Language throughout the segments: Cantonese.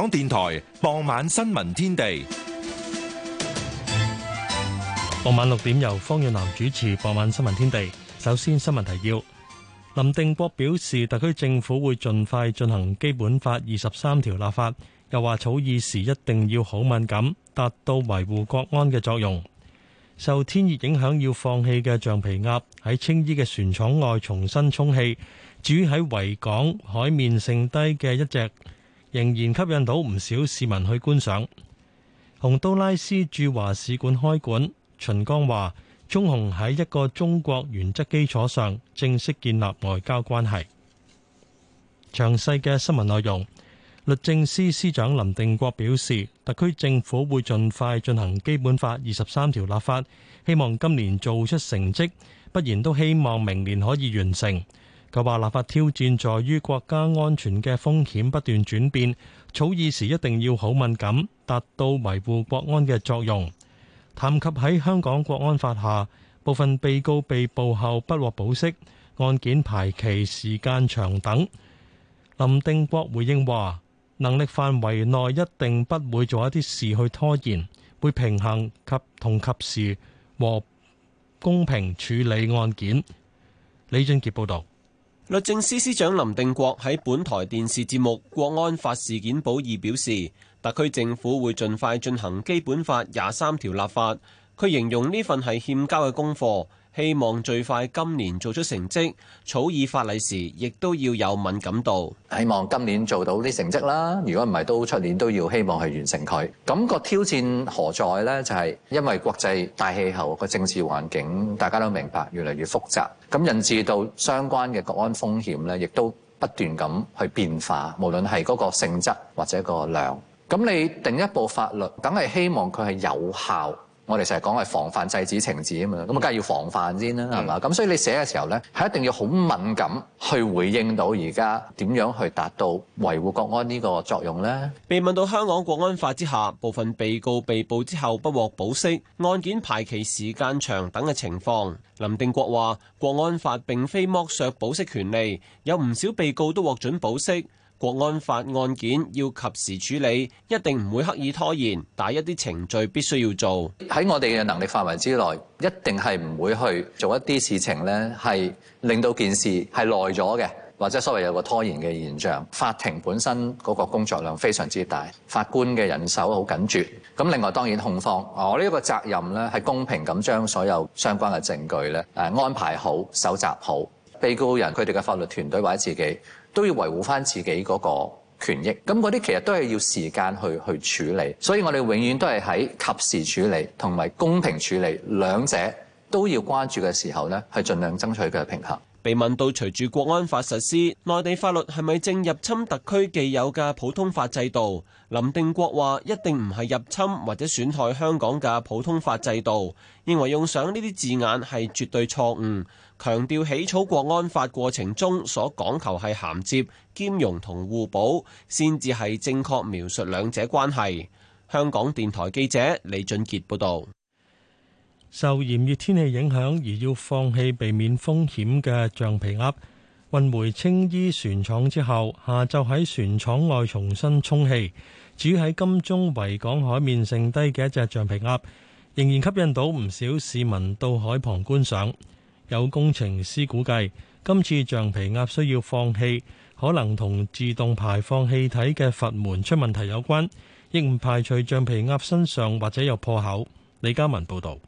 港電台傍晚新聞天地，傍晚六點由方遠南主持。傍晚新聞天地，首先新聞提要。林定國表示，特區政府會盡快進行《基本法》二十三條立法，又話草擬時一定要好敏感，達到維護國安嘅作用。受天熱影響要放氣嘅橡皮鴨喺青衣嘅船廠外重新充氣，至於喺維港海面剩低嘅一隻。仍然吸引到唔少市民去觀賞。洪都拉斯駐華使館開館，秦剛話：中洪喺一個中國原則基礎上正式建立外交關係。詳細嘅新聞內容，律政司司長林定國表示，特區政府會盡快進行基本法二十三條立法，希望今年做出成績，不然都希望明年可以完成。佢話立法挑戰在於國家安全嘅風險不斷轉變，草擬時一定要好敏感，達到維護國安嘅作用。談及喺香港國安法下，部分被告被捕後不獲保釋，案件排期時間長等，林定國回應話，能力範圍內一定不會做一啲事去拖延，會平衡及同及時和公平處理案件。李俊傑報道。律政司司長林定國喺本台電視節目《國安法事件簿》保二表示，特區政府會盡快進行《基本法》廿三條立法，佢形容呢份係欠交嘅功課。希望最快今年做出成績，草擬法例時亦都要有敏感度。希望今年做到啲成績啦。如果唔係都出年都要希望去完成佢。咁個挑戰何在咧？就係因為國際大氣候個政治環境，大家都明白越嚟越複雜，咁引致到相關嘅國安風險咧，亦都不斷咁去變化。無論係嗰個性質或者個量，咁你定一部法律，梗係希望佢係有效。我哋成日講係防範、制止、懲治啊嘛，咁梗係要防範先啦，係嘛咁。所以你寫嘅時候咧，係一定要好敏感去回應到而家點樣去達到維護國安呢個作用咧。被問到香港國安法之下部分被告被捕之後不獲保釋，案件排期時間長等嘅情況，林定國話：國安法並非剝削保釋權利，有唔少被告都獲准保釋。國安法案件要及時處理，一定唔會刻意拖延，但係一啲程序必須要做。喺我哋嘅能力範圍之內，一定係唔會去做一啲事情呢，係令到件事係耐咗嘅，或者所謂有個拖延嘅現象。法庭本身嗰個工作量非常之大，法官嘅人手好緊絀。咁另外，當然控方，我呢一個責任呢，係公平咁將所有相關嘅證據呢誒安排好、搜集好。被告人佢哋嘅法律團隊或者自己都要維護翻自己嗰個權益，咁嗰啲其實都係要時間去去處理，所以我哋永遠都係喺及時處理同埋公平處理兩者都要關注嘅時候咧，係盡量爭取佢嘅平衡。被問到隨住國安法實施，內地法律係咪正入侵特區既有嘅普通法制度？林定國話一定唔係入侵或者損害香港嘅普通法制度，認為用上呢啲字眼係絕對錯誤。強調起草國安法過程中所講求係銜接、兼容同互補，先至係正確描述兩者關係。香港電台記者李俊傑報導。受炎熱天氣影響而要放棄避免風險嘅橡皮鴨，運回青衣船廠之後，下晝喺船廠外重新充氣。至於喺金鐘維港海面剩低嘅一隻橡皮鴨，仍然吸引到唔少市民到海旁觀賞。有工程師估計，今次橡皮鴨需要放氣，可能同自動排放氣體嘅閥門出問題有關，亦唔排除橡皮鴨身上或者有破口。李嘉文報導，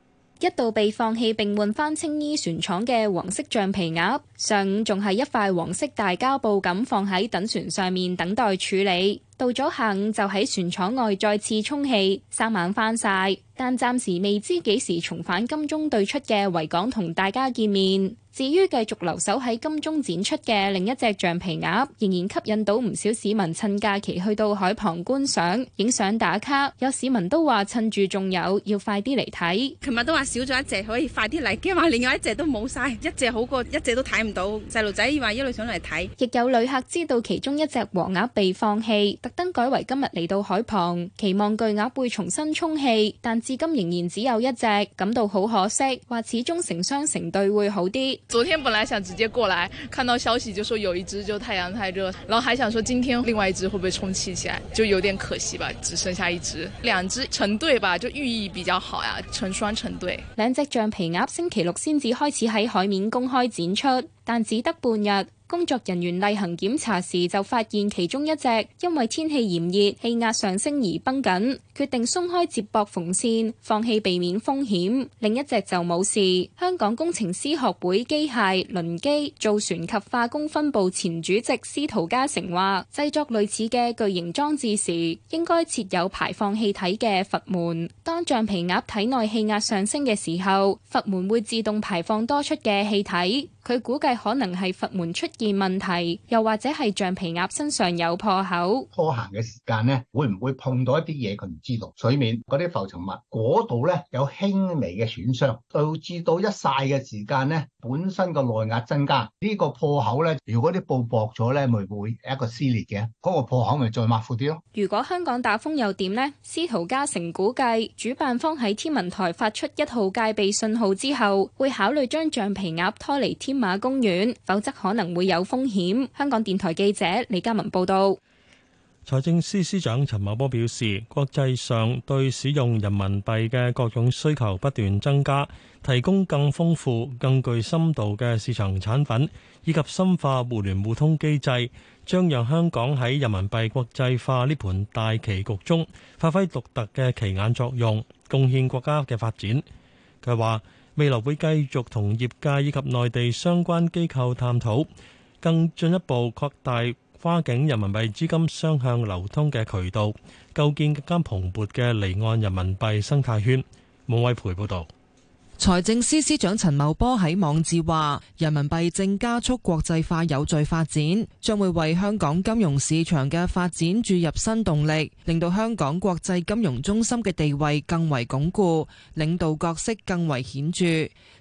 一度被放氣並換返青衣船廠嘅黃色橡皮鴨，上午仲係一塊黃色大膠布咁放喺等船上面等待處理。到咗下午就喺船廠外再次充氣，三晚翻晒，但暫時未知幾時重返金鐘對出嘅維港同大家見面。至於繼續留守喺金鐘展出嘅另一隻橡皮鴨，仍然吸引到唔少市民趁假期去到海旁觀賞、影相打卡。有市民都話趁住仲有，要快啲嚟睇。琴日都話少咗一隻，可以快啲嚟，驚話另外一隻都冇晒，一隻好過一隻都睇唔到。細路仔話一路想嚟睇，亦有旅客知道其中一隻黃鴨被放棄。燈改為今日嚟到海旁，期望巨鴨會重新充氣，但至今仍然只有一隻，感到好可惜。話始終成雙成對會好啲。昨天本來想直接過來，看到消息就說有一隻，就太陽太熱，然後還想說今天另外一隻會不會充氣起來，就有點可惜吧，只剩下一隻，兩隻成對吧，就寓意比較好呀，啊，成雙成對。兩隻橡皮鴨星期六先至開始喺海面公開展出，但只得半日。工作人員例行檢查時就發現其中一隻因為天氣炎熱氣壓上升而繃緊，決定鬆開接駁縫線，放棄避免風險。另一隻就冇事。香港工程師學會機械輪機造船及化工分部前主席司徒嘉誠話：製作類似嘅巨型裝置時，應該設有排放氣體嘅閥門。當橡皮鴨體內氣壓上升嘅時候，閥門會自動排放多出嘅氣體。佢估計可能係閥門出問題又或者係橡皮鴨身上有破口，拖行嘅時間咧，會唔會碰到一啲嘢？佢唔知道水面嗰啲浮沉物，嗰度咧有輕微嘅損傷，導致到一晒嘅時間咧，本身個內壓增加，呢個破口呢，如果啲布薄咗呢，咪會一個撕裂嘅，嗰個破口咪再抹化闊啲咯。如果香港打風又點呢？司徒嘉誠估計主辦方喺天文台發出一號戒備信號之後，會考慮將橡皮鴨拖離天馬公園，否則可能會有。有風險。香港電台記者李嘉文報道，財政司司長陳茂波表示，國際上對使用人民幣嘅各種需求不斷增加，提供更豐富、更具深度嘅市場產品，以及深化互聯互通機制，將讓香港喺人民幣國際化呢盤大棋局中發揮獨特嘅棋眼作用，貢獻國家嘅發展。佢話未來會繼續同業界以及內地相關機構探討。更進一步擴大跨境人民幣資金雙向流通嘅渠道，構建更加蓬勃嘅離岸人民幣生態圈。吳偉培報導。財政司司長陳茂波喺網誌話：人民幣正加速國際化有序發展，將會為香港金融市場嘅發展注入新動力，令到香港國際金融中心嘅地位更為鞏固，領導角色更為顯著。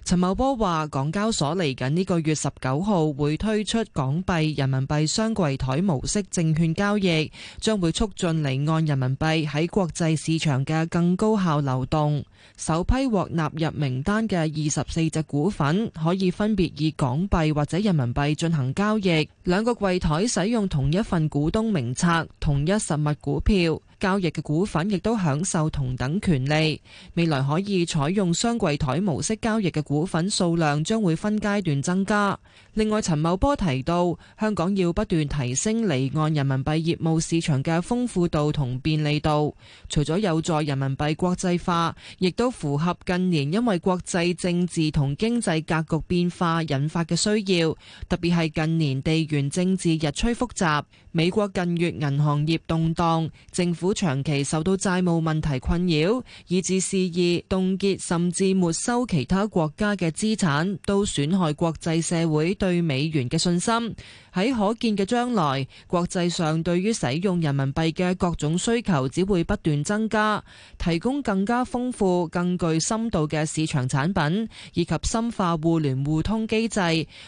陳茂波話：港交所嚟緊呢個月十九號會推出港幣人民幣雙櫃台模式證券交易，將會促進離岸人民幣喺國際市場嘅更高效流動。首批獲納入名單嘅二十四隻股份，可以分別以港幣或者人民幣進行交易。兩個櫃台使用同一份股東名冊，同一實物股票。交易嘅股份亦都享受同等權利，未來可以採用雙櫃台模式交易嘅股份數量將會分階段增加。另外，陳茂波提到，香港要不斷提升離岸人民幣業務市場嘅豐富度同便利度，除咗有助人民幣國際化，亦都符合近年因為國際政治同經濟格局變化引發嘅需要，特別係近年地緣政治日趨複雜。美國近月銀行業動盪，政府長期受到債務問題困擾，以致肆意凍結甚至沒收其他國家嘅資產，都損害國際社會對美元嘅信心。喺可見嘅將來，國際上對於使用人民幣嘅各種需求只會不斷增加，提供更加豐富、更具深度嘅市場產品，以及深化互聯互通機制，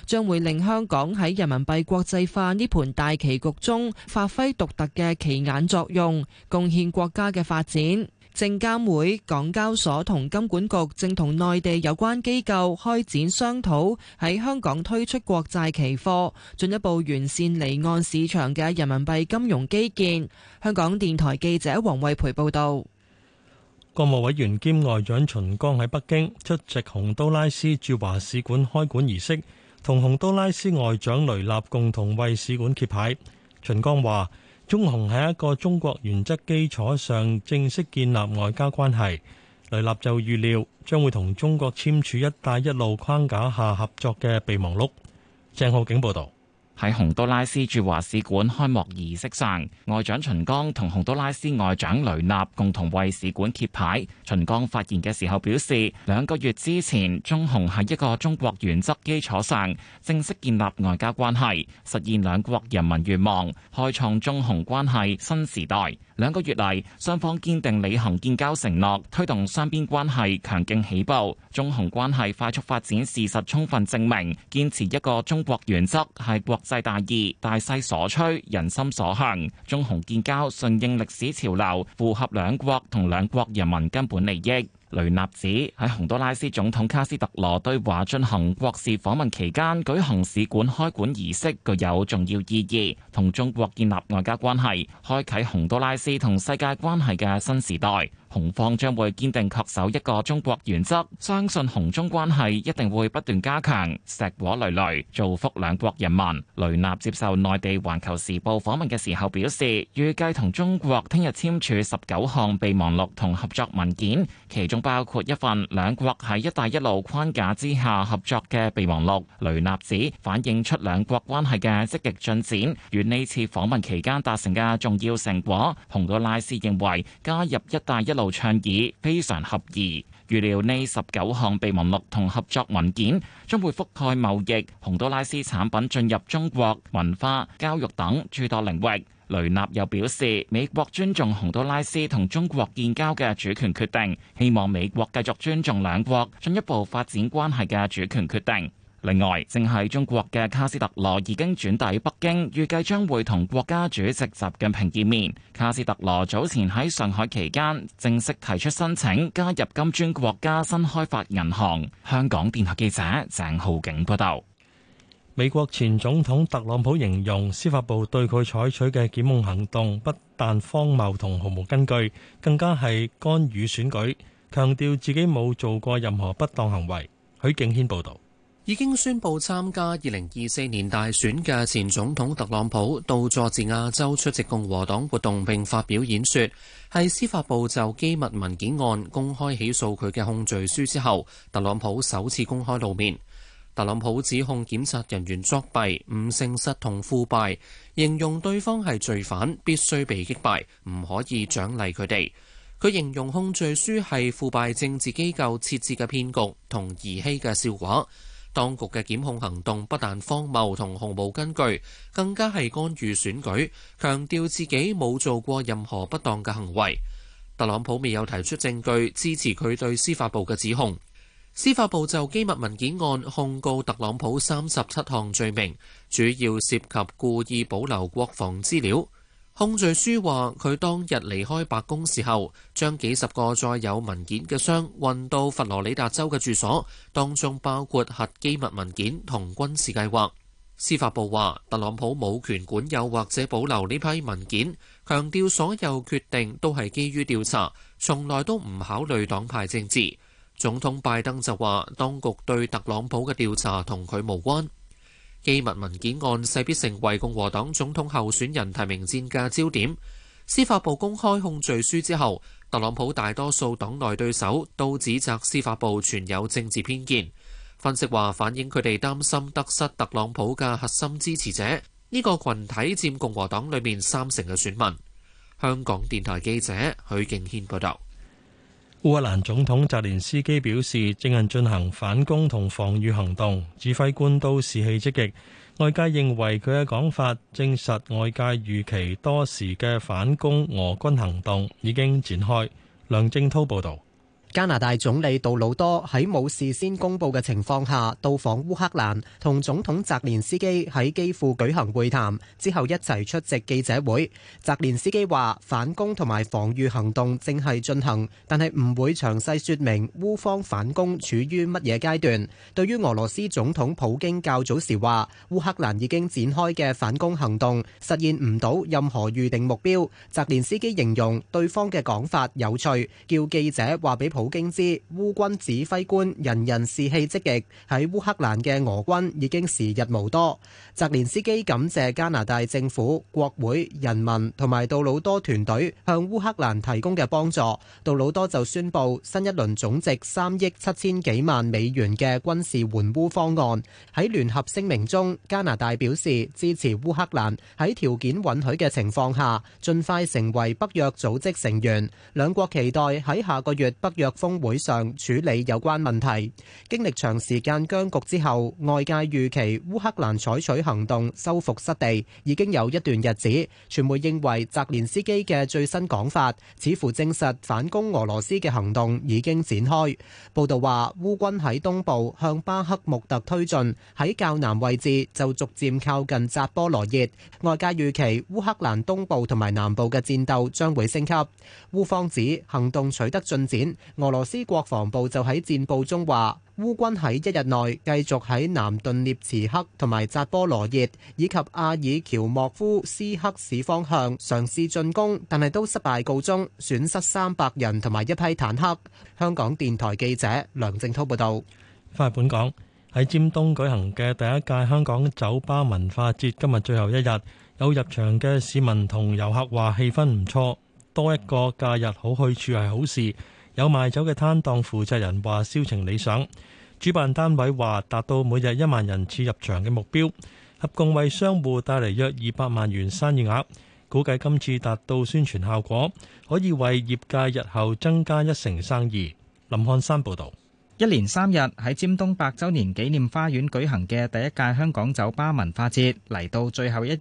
將會令香港喺人民幣國際化呢盤大棋局中，發揮獨特嘅奇眼作用，貢獻國家嘅發展。證監會、港交所同金管局正同內地有關機構開展商討，喺香港推出國債期貨，進一步完善離岸市場嘅人民幣金融基建。香港電台記者黃慧培報道。國務委員兼外長秦剛喺北京出席洪都拉斯駐華使館開館儀式，同洪都拉斯外長雷納共同為使館揭牌。秦剛話，中洪喺一個中國原則基礎上正式建立外交關係。雷立就預料將會同中國簽署「一帶一路」框架下合作嘅備忘錄。鄭浩景報導。喺洪都拉斯駐華使館開幕儀式上，外長秦剛同洪都拉斯外長雷納共同為使館揭牌。秦剛發言嘅時候表示，兩個月之前中洪喺一個中國原則基礎上正式建立外交關係，實現兩國人民願望，開創中洪關係新時代。兩個月嚟，雙方堅定履行建交承諾，推動雙邊關係強勁起步，中洪關係快速發展，事實充分證明，堅持一個中國原則係國際大義、大勢所趨、人心所向。中洪建交順應歷史潮流，符合兩國同兩國人民根本利益。雷納指喺洪都拉斯總統卡斯特羅對華進行國事訪問期間舉行使館開館儀式，具有重要意義，同中國建立外交關係，開啟洪都拉斯同世界關係嘅新時代。洪方將會堅定恪守一個中國原則，相信洪中關係一定會不斷加強，碩果纍纍，造福兩國人民。雷納接受內地《環球時報》訪問嘅時候表示，預計同中國聽日簽署十九項備忘錄同合作文件，其中包括一份兩國喺「一帶一路」框架之下合作嘅備忘錄。雷納指反映出兩國關係嘅積極進展，與呢次訪問期間達成嘅重要成果。洪都拉斯認為加入「一帶一路」倡議非常合宜，預料呢十九項備忘錄同合作文件將會覆蓋貿易、洪都拉斯產品進入中國、文化、教育等諸多領域。雷納又表示，美國尊重洪都拉斯同中國建交嘅主權決定，希望美國繼續尊重兩國進一步發展關係嘅主權決定。另外，正喺中國嘅卡斯特羅已經轉抵北京，預計將會同國家主席習近平見面。卡斯特羅早前喺上海期間正式提出申請加入金磚國家新開發銀行。香港電台記者鄭浩景報道。美國前總統特朗普形容司法部對佢採取嘅檢控行動不但荒謬同毫無根據，更加係干預選舉，強調自己冇做過任何不當行為。許敬軒報導。已經宣布參加二零二四年大選嘅前總統特朗普到佐治亞州出席共和黨活動，並發表演說。係司法部就機密文件案公開起訴佢嘅控罪書之後，特朗普首次公開露面。特朗普指控檢察人員作弊、唔誠實同腐敗，形容對方係罪犯，必須被擊敗，唔可以獎勵佢哋。佢形容控罪書係腐敗政治機構設置嘅騙局同兒戲嘅笑話。當局嘅檢控行動不但荒謬同毫無根據，更加係干預選舉。強調自己冇做過任何不當嘅行為，特朗普未有提出證據支持佢對司法部嘅指控。司法部就機密文件案控告特朗普三十七項罪名，主要涉及故意保留國防資料。控罪書話佢當日離開白宮時候，將幾十個載有文件嘅箱運到佛羅里達州嘅住所，當中包括核機密文件同軍事計劃。司法部話特朗普冇權管有或者保留呢批文件，強調所有決定都係基於調查，從來都唔考慮黨派政治。總統拜登就話，當局對特朗普嘅調查同佢無關。機密文件案勢必成為共和黨總統候選人提名戰嘅焦點。司法部公開控罪書之後，特朗普大多數黨內對手都指責司法部存有政治偏見。分析話，反映佢哋擔心得失特朗普嘅核心支持者呢個群體佔共和黨裏面三成嘅選民。香港電台記者許敬軒報道。烏克蘭總統澤連斯基表示，正係進行反攻同防御行動，指揮官都士氣積極。外界認為佢嘅講法證實外界預期多時嘅反攻俄軍行動已經展開。梁正濤報導。加拿大總理杜魯多喺冇事先公布嘅情況下到訪烏克蘭，同總統澤連斯基喺機庫舉行會談之後一齊出席記者會。澤連斯基話反攻同埋防禦行動正係進行，但係唔會詳細說明烏方反攻處於乜嘢階段。對於俄羅斯總統普京較早時話烏克蘭已經展開嘅反攻行動實現唔到任何預定目標，澤連斯基形容對方嘅講法有趣，叫記者話俾普。普京知烏軍指揮官人人士氣積極，喺烏克蘭嘅俄軍已經時日無多。澤連斯基感謝加拿大政府、國會、人民同埋杜魯多團隊向烏克蘭提供嘅幫助。杜魯多就宣布新一輪總值三億七千幾萬美元嘅軍事援烏方案。喺聯合聲明中，加拿大表示支持烏克蘭喺條件允許嘅情況下，盡快成為北約組織成員。兩國期待喺下個月北約。峰會上處理有關問題。經歷長時間僵局之後，外界預期烏克蘭採取行動收復失地已經有一段日子，傳媒認為澤連斯基嘅最新講法似乎證實反攻俄羅斯嘅行動已經展開，報道話烏軍喺東部向巴克穆特推進，喺較南位置就逐漸靠近扎波羅熱，外界預期烏克蘭東部同埋南部嘅戰鬥將會升級，烏方指行動取得進展。俄羅斯國防部就喺戰報中話，烏軍喺一日內繼續喺南頓涅茨克同埋扎波羅熱以及阿爾喬莫夫斯克市方向嘗試進攻，但係都失敗告終，損失三百人同埋一批坦克。香港電台記者梁正濤報道。翻嚟本港喺尖東舉行嘅第一屆香港酒吧文化節，今日最後一日有入場嘅市民同遊客話，氣氛唔錯，多一個假日好去處係好事。有賣酒嘅攤檔負責人話銷情理想，主辦單位話達到每日一萬人次入場嘅目標，合共為商戶帶嚟約二百萬元生意額，估計今次達到宣傳效果，可以為業界日後增加一成生意。林漢山報導。一連三日喺尖東百週年紀念花園舉行嘅第一屆香港酒吧文化節嚟到最後一日，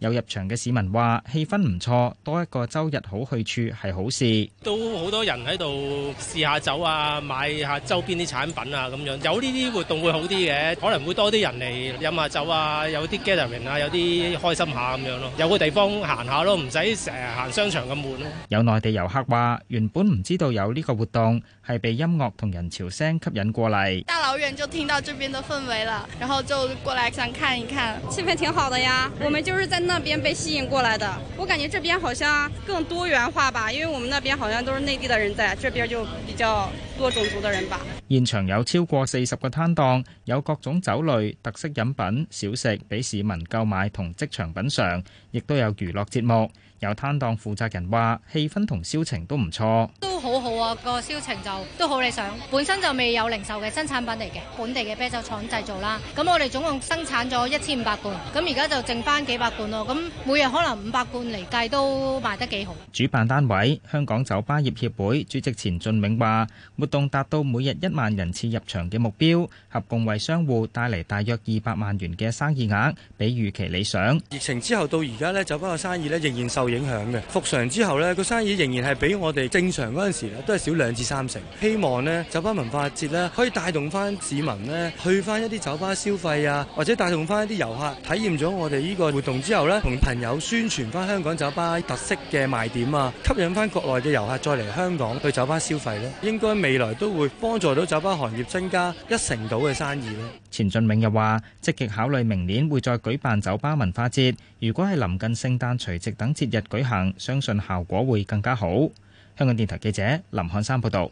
有入場嘅市民話：氣氛唔錯，多一個週日好去處係好事。都好多人喺度試下酒啊，買下周邊啲產品啊咁樣。有呢啲活動會好啲嘅，可能會多啲人嚟飲下酒啊，有啲 gathering 啊，有啲開心下咁樣咯。有個地方行下咯，唔使成日行商場咁悶咯。有內地遊客話：原本唔知道有呢個活動，係被音樂同人潮聲吸引過嚟，大老遠就聽到這邊的氛圍了，然後就過來想看一看，氣氛挺好的呀。我們就是在那邊被吸引過來的，我感覺這邊好像更多元化吧，因為我們那邊好像都是內地的人在，在這邊就比較多種族的人吧。現場有超過四十個攤檔，有各種酒類、特色飲品、小食俾市民購買同即場品嘗，亦都有娛樂節目。有攤檔負責人話，氣氛同銷情都唔錯。好好啊，個銷情就都好理想，本身就未有零售嘅新產品嚟嘅，本地嘅啤酒廠製造啦。咁我哋總共生產咗一千五百罐，咁而家就剩翻幾百罐咯。咁每日可能五百罐嚟計都賣得幾好。主辦單位香港酒吧業協會主席錢俊銘話：活動達到每日一萬人次入場嘅目標，合共為商戶帶嚟大約二百萬元嘅生意額，比預期理想。疫情之後到而家咧，酒吧嘅生意咧仍然受影響嘅。復常之後咧，個生意仍然係比我哋正常嗰陣，都係少兩至三成，希望咧酒吧文化節咧可以帶動翻市民咧去翻一啲酒吧消費啊，或者帶動翻一啲遊客體驗咗我哋呢個活動之後咧，同朋友宣傳翻香港酒吧特色嘅賣點啊，吸引翻國內嘅遊客再嚟香港去酒吧消費咧。應該未來都會幫助到酒吧行業增加一成到嘅生意咧。錢俊明又話：積極考慮明年會再舉辦酒吧文化節，如果係臨近聖誕、除夕等節日舉行，相信效果會更加好。香港電台記者林漢山報道。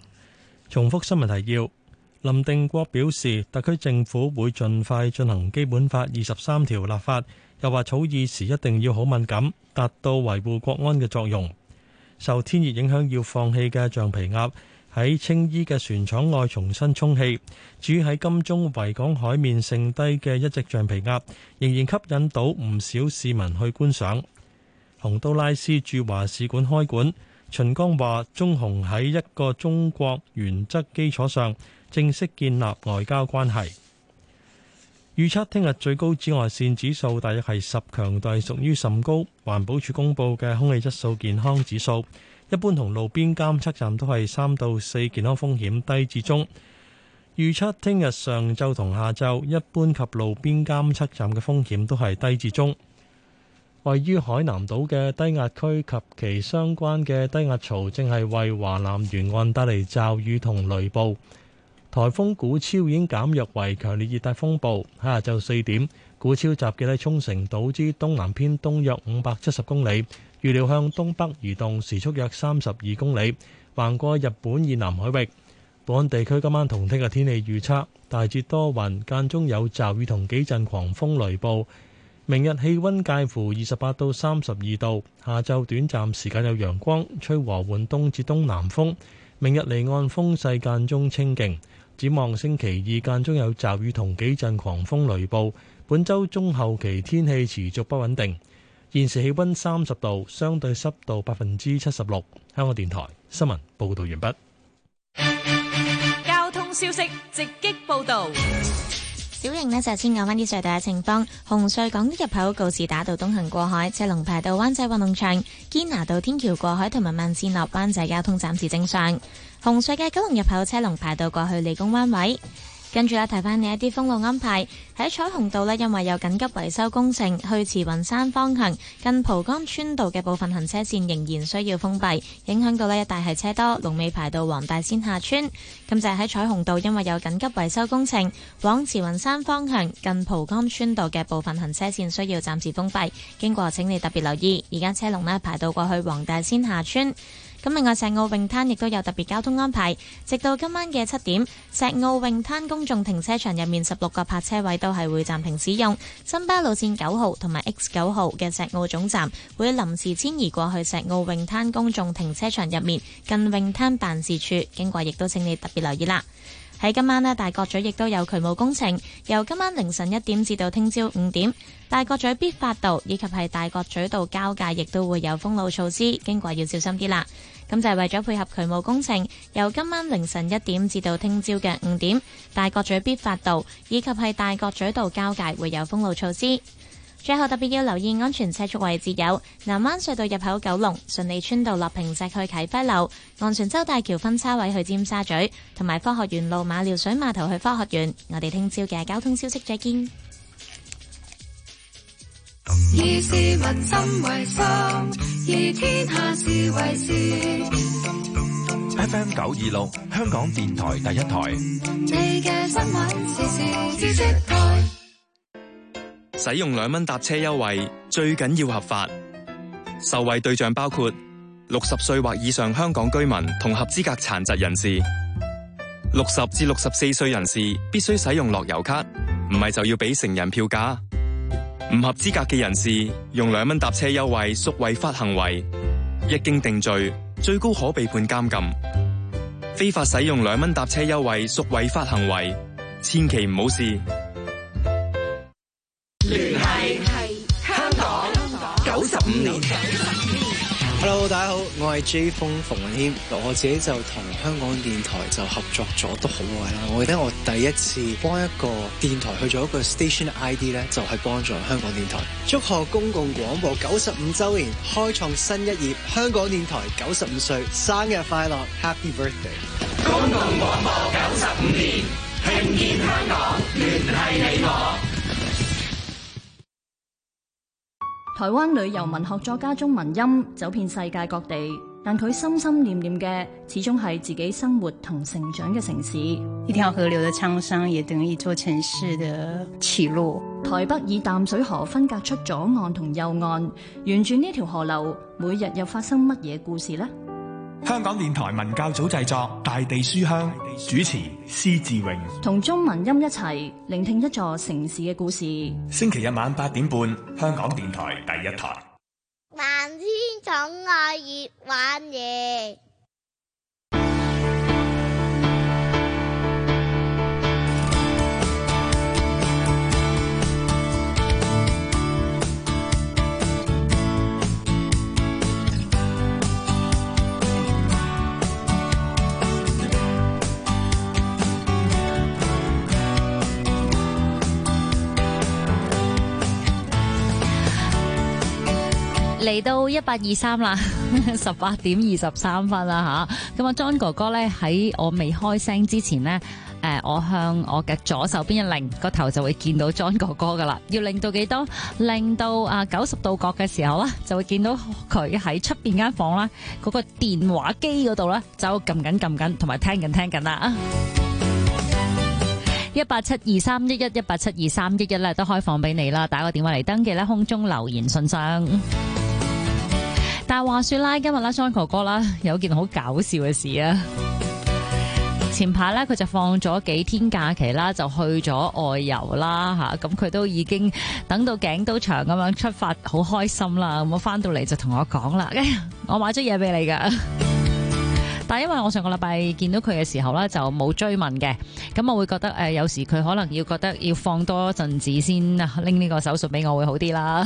重複新聞提要：林定國表示，特區政府會盡快進行《基本法》二十三條立法。又話草擬時一定要好敏感，達到維護國安嘅作用。受天熱影響要放氣嘅橡皮鴨喺青衣嘅船廠外重新充氣。至於喺金鐘維港海面剩低嘅一隻橡皮鴨，仍然吸引到唔少市民去觀賞。洪都拉斯駐華使館開館。秦剛話：中紅喺一個中國原則基礎上正式建立外交關係。預測聽日最高紫外線指數大約係十，強度屬於甚高。環保署公布嘅空氣質素健康指數，一般同路邊監測站都係三到四，健康風險低至中。預測聽日上晝同下晝，一般及路邊監測站嘅風險都係低至中。位於海南島嘅低壓區及其相關嘅低壓槽，正係為華南沿岸帶嚟驟雨同雷暴。颱風古超已經減弱為強烈熱帶風暴。喺下晝四點，古超集結喺沖繩島之東南偏東約五百七十公里，預料向東北移動，時速約三十二公里，橫過日本以南海域。本澳地區今晚同聽日天氣預測，大致多雲，間中有驟雨同幾陣狂風雷暴。明日氣溫介乎二十八到三十二度，下晝短暫時間有陽光，吹和緩東至東南風。明日離岸風勢間中清勁，展望星期二間中有驟雨同幾陣狂風雷暴。本周中後期天氣持續不穩定。現時氣溫三十度，相對濕度百分之七十六。香港電台新聞報道完畢。交通消息直擊報道。小型呢就係先講返啲隧道嘅情況，紅隧港島入口告士打道東行過海，車龍排到灣仔運動場，堅拿道天橋過海同埋慢線落灣仔交通暫時正常，紅隧嘅九龍入口車龍排到過去理工灣位。跟住咧，提翻你一啲封路安排。喺彩虹道呢，因為有緊急維修工程，去慈雲山方向近蒲崗村道嘅部分行車線仍然需要封閉，影響到呢一帶係車多，龍尾排到黃大仙下村。咁就係喺彩虹道，因為有緊急維修工程，往慈雲山方向近蒲崗村道嘅部分行車線需要暫時封閉，經過請你特別留意。而家車龍呢排到過去黃大仙下村。咁另外，石澳泳灘亦都有特別交通安排，直到今晚嘅七點，石澳泳灘公眾停車場入面十六個泊車位都係會暫停使用。新巴路線九號同埋 X 九號嘅石澳總站會臨時遷移過去石澳泳灘公眾停車場入面，近泳灘辦事處。經過亦都請你特別留意啦。喺今晚呢，大角咀亦都有渠務工程，由今晚凌晨一點至到聽朝五點，大角咀必發道以及係大角咀道交界，亦都會有封路措施，經過要小心啲啦。咁就係為咗配合渠務工程，由今晚凌晨一點至到聽朝嘅五點，大角咀必發道以及係大角咀道交界會有封路措施。最後特別要留意安全車速位置，有南灣隧道入口九龍、九龍順利村道、立平石去啟輝樓、昂船洲大橋分叉位去尖沙咀，同埋科學園路馬料水碼頭去科學園。我哋聽朝嘅交通消息再見。以事物心為心，以 天下事為事。FM 九二六，香港電台第一台。 使用兩蚊搭車優惠最緊要合法，受惠對象包括六十歲或以上香港居民同合資格殘疾人士。六十至六十四歲人士必須使用樂悠卡，唔係就要俾成人票價。唔合資格嘅人士用兩蚊搭車優惠屬違法行為，一經定罪，最高可被判監禁。非法使用兩蚊搭車優惠屬違法行為，千祈唔好試。你係香港九十五年。年 Hello，大家好，我係 J 風馮允謙，我自己就同香港電台就合作咗都好耐啦。我記得我第一次幫一個電台去做一個 station ID 咧，就係幫助香港電台祝賀公共廣播九十五周年，開創新一頁。香港電台九十五歲生日快樂，Happy Birthday！公共廣播九十五年，聽見香港，聯繫你我。台灣旅遊文學作家鍾文音走遍世界各地，但佢心心念念嘅始終係自己生活同成長嘅城市。一條河流的滄桑，也等於一座城市嘅起落。台北以淡水河分隔出左岸同右岸，沿住呢條河流，每日又發生乜嘢故事呢？香港電台文教組製作《大地書香》書香，主持施志榮，同鍾文音一齊聆聽一座城市嘅故事。星期日晚八點半，香港電台第一台。萬千寵愛葉玩儀。嚟到一八二三啦，十八點二十三分啦，吓咁啊！John 哥哥咧喺我未開聲之前呢，誒、呃，我向我嘅左手邊一擰個頭就會見到 John 哥哥噶啦。要擰到幾多？擰到啊九十度角嘅時候啦，就會見到佢喺出邊間房啦，嗰、那個電話機嗰度咧就撳緊撳緊，同埋聽緊聽緊啦。啊，一八七二三一一一八七二三一一咧，11, 11, 都開放俾你啦，打個電話嚟登記咧空中留言信箱。但係話說啦，今日啦，雙哥哥啦，有件好搞笑嘅事啊！前排咧，佢就放咗幾天假期啦，就去咗外遊啦，吓，咁佢都已經等到頸都長咁樣出發，好開心啦！咁我翻到嚟，就同我講啦，我買咗嘢俾你噶。但係因為我上個禮拜見到佢嘅時候咧，就冇追問嘅，咁我會覺得誒，有時佢可能要覺得要放多一陣子先拎呢個手術俾我會好啲啦。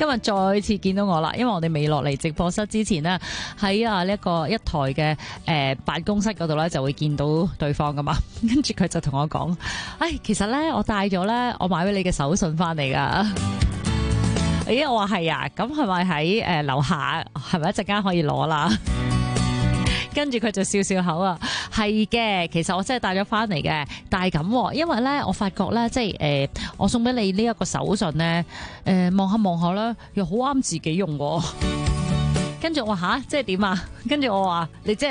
今日再次見到我啦，因為我哋未落嚟直播室之前咧，喺啊呢一個一台嘅誒辦公室嗰度咧，就會見到對方噶嘛。 跟住佢就同我講：唉，其實呢，我帶咗呢，我買俾你嘅手信翻嚟噶。 咦，我話係呀，咁係咪喺誒樓下？係咪一陣間可以攞啦？ 跟住佢就笑笑口啊，係嘅，其實我真係帶咗翻嚟嘅，但係咁，因為咧我發覺咧，即係誒、呃，我送俾你呢一個手信咧，誒、呃，望下望下咧，又好啱自己用 跟、啊，跟住我吓，即係點啊？跟住我話，你即係。